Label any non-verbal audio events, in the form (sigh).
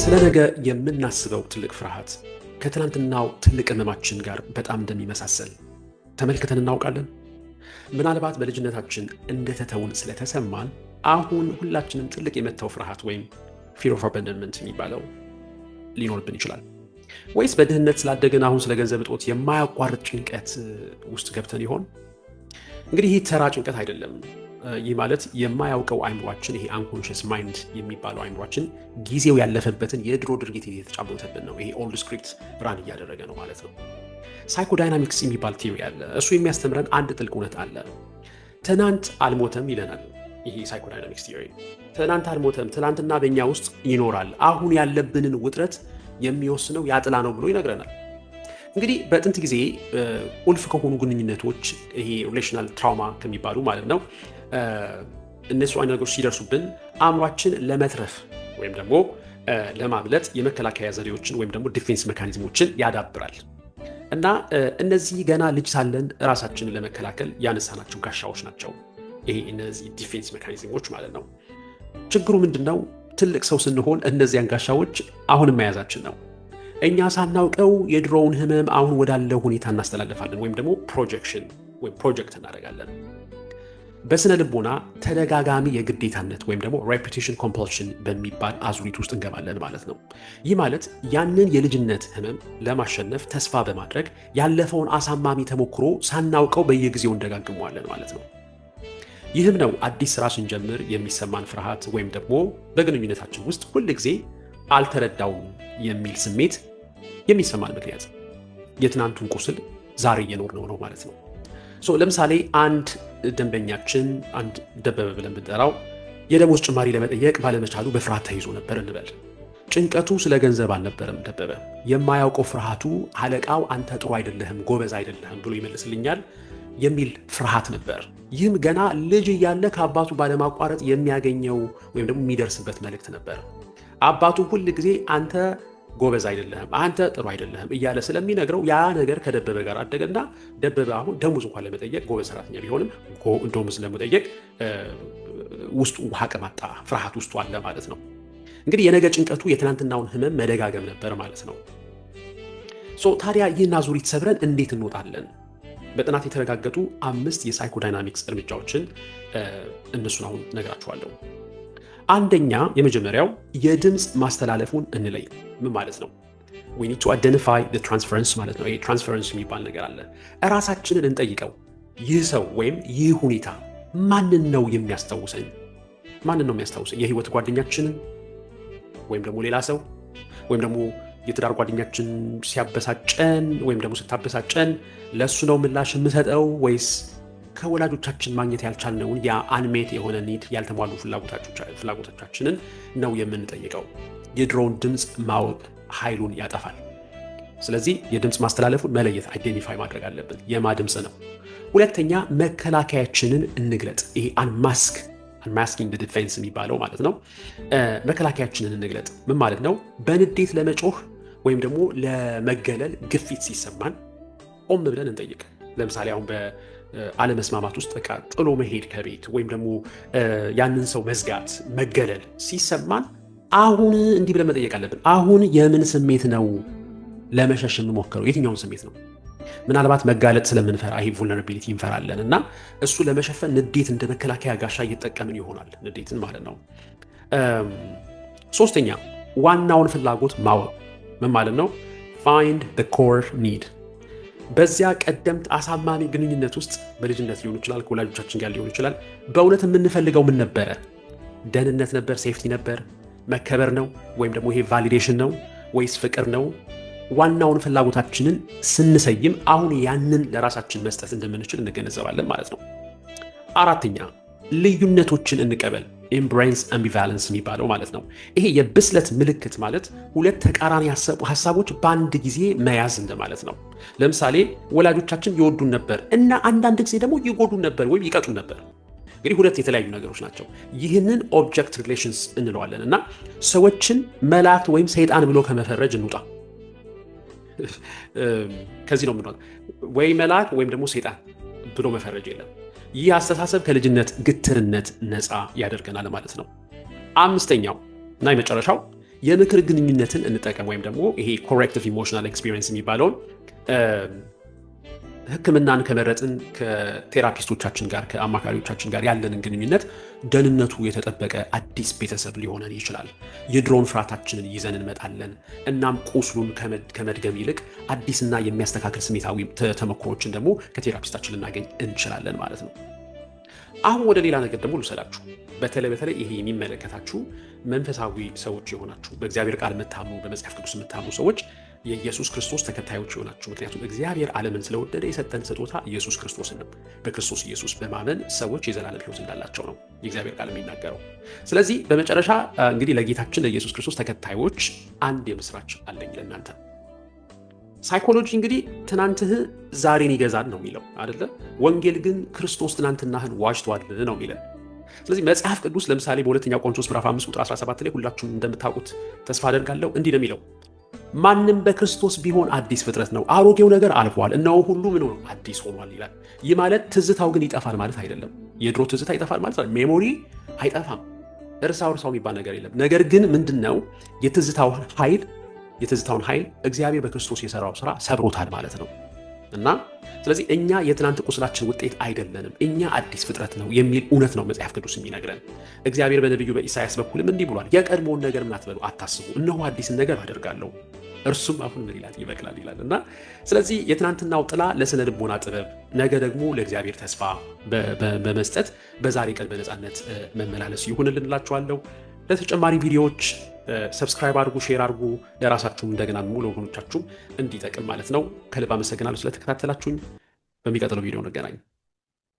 ስለ ነገ የምናስበው ትልቅ ፍርሃት ከትናንትናው ትልቅ ህመማችን ጋር በጣም እንደሚመሳሰል ተመልክተን እናውቃለን። ምናልባት በልጅነታችን እንደተተውን ስለተሰማን አሁን ሁላችንም ትልቅ የመታው ፍርሃት ወይም ፊር ኦፍ አባንደንመንት የሚባለው ሊኖርብን ይችላል። ወይስ በድህነት ስላደግን አሁን ስለ ገንዘብ እጦት የማያቋርጥ ጭንቀት ውስጥ ገብተን ይሆን? እንግዲህ ይህ ተራ ጭንቀት አይደለም። ይህ ማለት የማያውቀው አይምሯችን ይሄ አንኮንሽስ ማይንድ የሚባለው አይምሯችን ጊዜው ያለፈበትን የድሮ ድርጊት የተጫወተብን ነው። ይሄ ኦልድ ስክሪፕት ብራን እያደረገ ነው ማለት ነው። ሳይኮዳይናሚክስ የሚባል ቲዮሪ አለ። እሱ የሚያስተምረን አንድ ጥልቅ እውነት አለ። ትናንት አልሞተም ይለናል ይሄ ሳይኮዳይናሚክስ ቲዮሪ። ትናንት አልሞተም፣ ትናንትና በእኛ ውስጥ ይኖራል። አሁን ያለብንን ውጥረት የሚወስነው ያጥላ ነው ብሎ ይነግረናል። እንግዲህ በጥንት ጊዜ ቁልፍ ከሆኑ ግንኙነቶች ይሄ ሪሌሽናል ትራውማ ከሚባሉ ማለት ነው እነሱ አይነት ነገሮች ሲደርሱብን አእምሯችን ለመትረፍ ወይም ደግሞ ለማምለጥ የመከላከያ ዘዴዎችን ወይም ደግሞ ዲፌንስ ሜካኒዝሞችን ያዳብራል እና እነዚህ ገና ልጅ ሳለን ራሳችንን ለመከላከል ያነሳናቸው ጋሻዎች ናቸው። ይሄ እነዚህ ዲፌንስ ሜካኒዝሞች ማለት ነው። ችግሩ ምንድን ነው? ትልቅ ሰው ስንሆን እነዚያን ጋሻዎች አሁንም መያዛችን ነው። እኛ ሳናውቀው የድሮውን ህመም አሁን ወዳለው ሁኔታ እናስተላልፋለን ወይም ደግሞ ፕሮጀክሽን ወይም ፕሮጀክት እናደርጋለን። በስነ ልቦና ተደጋጋሚ የግዴታነት ወይም ደግሞ ሬፒቴሽን ኮምፐልሽን በሚባል አዙሪት ውስጥ እንገባለን ማለት ነው። ይህ ማለት ያንን የልጅነት ህመም ለማሸነፍ ተስፋ በማድረግ ያለፈውን አሳማሚ ተሞክሮ ሳናውቀው በየጊዜው እንደጋግመዋለን ማለት ነው። ይህም ነው አዲስ ስራ ስንጀምር የሚሰማን ፍርሃት ወይም ደግሞ በግንኙነታችን ውስጥ ሁል ጊዜ አልተረዳውም የሚል ስሜት የሚሰማን ምክንያት የትናንቱን ቁስል ዛሬ እየኖርነው ነው ማለት ነው። ለምሳሌ አንድ ደንበኛችን አንድ ደበበ ብለን ብንጠራው የደሞዝ ጭማሪ ለመጠየቅ ባለመቻሉ በፍርሃት ተይዞ ነበር እንበል። ጭንቀቱ ስለ ገንዘብ አልነበረም። ደበበ የማያውቀው ፍርሃቱ አለቃው አንተ ጥሩ አይደለህም፣ ጎበዝ አይደለህም ብሎ ይመልስልኛል የሚል ፍርሃት ነበር። ይህም ገና ልጅ እያለ ከአባቱ ባለማቋረጥ የሚያገኘው ወይም ደግሞ የሚደርስበት መልእክት ነበር። አባቱ ሁል ጊዜ አንተ ጎበዝ አይደለህም፣ አንተ ጥሩ አይደለህም እያለ ስለሚነግረው ያ ነገር ከደበበ ጋር አደገና ደበበ አሁን ደሞዝ እንኳን ለመጠየቅ ጎበዝ ሰራተኛ ቢሆንም ደሞዝ ለመጠየቅ ውስጡ ውሃቅ ማጣ ፍርሃት ውስጡ አለ ማለት ነው። እንግዲህ የነገ ጭንቀቱ የትናንትናውን ህመም መደጋገም ነበር ማለት ነው። ታዲያ ይህን አዙሪት ሰብረን እንዴት እንወጣለን? በጥናት የተረጋገጡ አምስት የሳይኮዳይናሚክስ እርምጃዎችን እነሱን አሁን ነግራችኋለሁ። አንደኛ የመጀመሪያው የድምፅ ማስተላለፉን እንለይ። ምን ማለት ነው? we need to ማለት ነው። ትራንስፈረንስ የሚባል ነገር አለ። እራሳችንን እንጠይቀው። ይህ ሰው ወይም ይህ ሁኔታ ማንን ነው የሚያስታውሰኝ? ማንን ነው የሚያስታውሰኝ? የህይወት ጓደኛችንን ወይም ደግሞ ሌላ ሰው ወይም ደግሞ የትዳር ጓደኛችን ሲያበሳጨን ወይም ደግሞ ስታበሳጨን ለእሱ ነው ምላሽ የምሰጠው ወይስ ከወላጆቻችን ማግኘት ያልቻልነውን ያ አንሜት የሆነ ኒድ ያልተሟሉ ፍላጎቶቻችንን ነው የምንጠይቀው። የድሮውን ድምፅ ማወቅ ኃይሉን ያጠፋል። ስለዚህ የድምፅ ማስተላለፉን መለየት አይዴንቲፋይ ማድረግ አለብን። የማ ድምፅ ነው? ሁለተኛ መከላከያችንን እንግለጥ። ይሄ አንማስክ አንማስኪንግ ዲፌንስ የሚባለው ማለት ነው። መከላከያችንን እንግለጥ ምን ማለት ነው? በንዴት ለመጮህ ወይም ደግሞ ለመገለል ግፊት ሲሰማን ቆም ብለን እንጠይቅ። ለምሳሌ አሁን አለመስማማት ውስጥ በቃ ጥሎ መሄድ ከቤት ወይም ደግሞ ያንን ሰው መዝጋት መገለል ሲሰማን አሁን እንዲህ ብለን መጠየቅ አለብን። አሁን የምን ስሜት ነው ለመሸሽ የምሞክረው? የትኛውን ስሜት ነው? ምናልባት መጋለጥ ስለምንፈራ ይሄ vulnerability እንፈራለን እና እሱ ለመሸፈን ንዴት እንደ መከላከያ ጋሻ እየጠቀምን ይሆናል። ንዴትን ማለት ነው። ሶስተኛ ዋናውን ፍላጎት ማወቅ ምን ማለት ነው? ፋይንድ ኮር ኒድ? በዚያ ቀደምት አሳማሚ ግንኙነት ውስጥ በልጅነት ሊሆን ይችላል፣ ከወላጆቻችን ጋር ሊሆን ይችላል። በእውነት የምንፈልገው ምን ነበረ? ደህንነት ነበር? ሴፍቲ ነበር? መከበር ነው? ወይም ደግሞ ይሄ ቫሊዴሽን ነው ወይስ ፍቅር ነው? ዋናውን ፍላጎታችንን ስንሰይም አሁን ያንን ለራሳችን መስጠት እንደምንችል እንገነዘባለን ማለት ነው። አራተኛ ልዩነቶችን እንቀበል። ኢምብሬንስ አምቢቫለንስ የሚባለው ማለት ነው። ይሄ የብስለት ምልክት ማለት ሁለት ተቃራኒ ሀሳቦች በአንድ ጊዜ መያዝ እንደማለት ነው። ለምሳሌ ወላጆቻችን ይወዱን ነበር እና አንዳንድ ጊዜ ደግሞ ይጎዱን ነበር ወይም ይቀጡን ነበር። እንግዲህ ሁለት የተለያዩ ነገሮች ናቸው። ይህንን ኦብጀክት ሪሌሽንስ እንለዋለን እና ሰዎችን መላእክት ወይም ሰይጣን ብሎ ከመፈረጅ እንውጣ። (laughs) ከዚህ ነው ወይ መላእክ ወይም ደግሞ ሰይጣን ብሎ መፈረጅ የለም። ይህ አስተሳሰብ ከልጅነት ግትርነት ነፃ ያደርገናል ማለት ነው። አምስተኛው እና የመጨረሻው የምክር ግንኙነትን እንጠቀም ወይም ደግሞ ይሄ ኮሬክቲቭ ኢሞሽናል ኤክስፒሪየንስ የሚባለውን ህክምናን ከመረጥን ከቴራፒስቶቻችን ጋር ከአማካሪዎቻችን ጋር ያለንን ግንኙነት ደህንነቱ የተጠበቀ አዲስ ቤተሰብ ሊሆነን ይችላል። የድሮን ፍርሃታችንን ይዘን እንመጣለን። እናም ቁስሉን ከመድገም ይልቅ አዲስና የሚያስተካክል ስሜታዊ ተሞክሮዎችን ደግሞ ከቴራፒስታችን ልናገኝ እንችላለን ማለት ነው። አሁን ወደ ሌላ ነገር ደግሞ ልውሰዳችሁ። በተለይ በተለይ ይሄ የሚመለከታችሁ መንፈሳዊ ሰዎች የሆናችሁ በእግዚአብሔር ቃል የምታምኑ በመጽሐፍ ቅዱስ የምታምኑ ሰዎች የኢየሱስ ክርስቶስ ተከታዮች ይሆናችሁ። ምክንያቱም እግዚአብሔር ዓለምን ስለወደደ የሰጠን ስጦታ ኢየሱስ ክርስቶስን ነው። በክርስቶስ ኢየሱስ በማመን ሰዎች የዘላለም ሕይወት እንዳላቸው ነው የእግዚአብሔር ቃል የሚናገረው። ስለዚህ በመጨረሻ እንግዲህ ለጌታችን ለኢየሱስ ክርስቶስ ተከታዮች አንድ የምስራች አለኝ ለእናንተ። ሳይኮሎጂ እንግዲህ ትናንትህ ዛሬን ይገዛል ነው የሚለው አደለ? ወንጌል ግን ክርስቶስ ትናንትናህን ዋጅቷል ነው የሚለን። ስለዚህ መጽሐፍ ቅዱስ ለምሳሌ በሁለተኛ ቆሮንቶስ ምዕራፍ 5 ቁጥር 17 ላይ ሁላችሁም እንደምታውቁት ተስፋ አደርጋለሁ እንዲህ ነው የሚለው ማንም በክርስቶስ ቢሆን አዲስ ፍጥረት ነው፣ አሮጌው ነገር አልፏል፣ እነሆ ሁሉ ምን ሆኖ አዲስ ሆኗል ይላል። ይህ ማለት ትዝታው ግን ይጠፋል ማለት አይደለም። የድሮ ትዝታ ይጠፋል ማለት ሜሞሪ አይጠፋም፣ እርሳው እርሳው የሚባል ነገር የለም። ነገር ግን ምንድን ነው የትዝታውን ኃይል የትዝታውን ኃይል እግዚአብሔር በክርስቶስ የሰራው ስራ ሰብሮታል ማለት ነው እና ስለዚህ እኛ የትናንት ቁስላችን ውጤት አይደለንም፣ እኛ አዲስ ፍጥረት ነው የሚል እውነት ነው መጽሐፍ ቅዱስ የሚነግረን። እግዚአብሔር በነቢዩ በኢሳያስ በኩልም እንዲህ ብሏል፣ የቀድሞውን ነገር ምን አትበሉ፣ አታስቡ፣ እነሆ አዲስን ነገር አደርጋለሁ እርሱም አሁን ምን ይላል ይበቅላል ይላል እና ስለዚህ የትናንትናው ጥላ ለስነ ልቦና ጥበብ፣ ነገ ደግሞ ለእግዚአብሔር ተስፋ በመስጠት በዛሬ ቀን በነፃነት መመላለስ ይሁንልን ለተጨማሪ ቪዲዮዎች ሰብስክራይብ አድርጉ፣ ሼር አድርጉ፣ ለራሳችሁም እንደገና ሙሉ ወገኖቻችሁም እንዲጠቅም ማለት ነው። ከልብ አመሰግናለሁ ስለተከታተላችሁኝ። በሚቀጥለው ቪዲዮ እንገናኝ።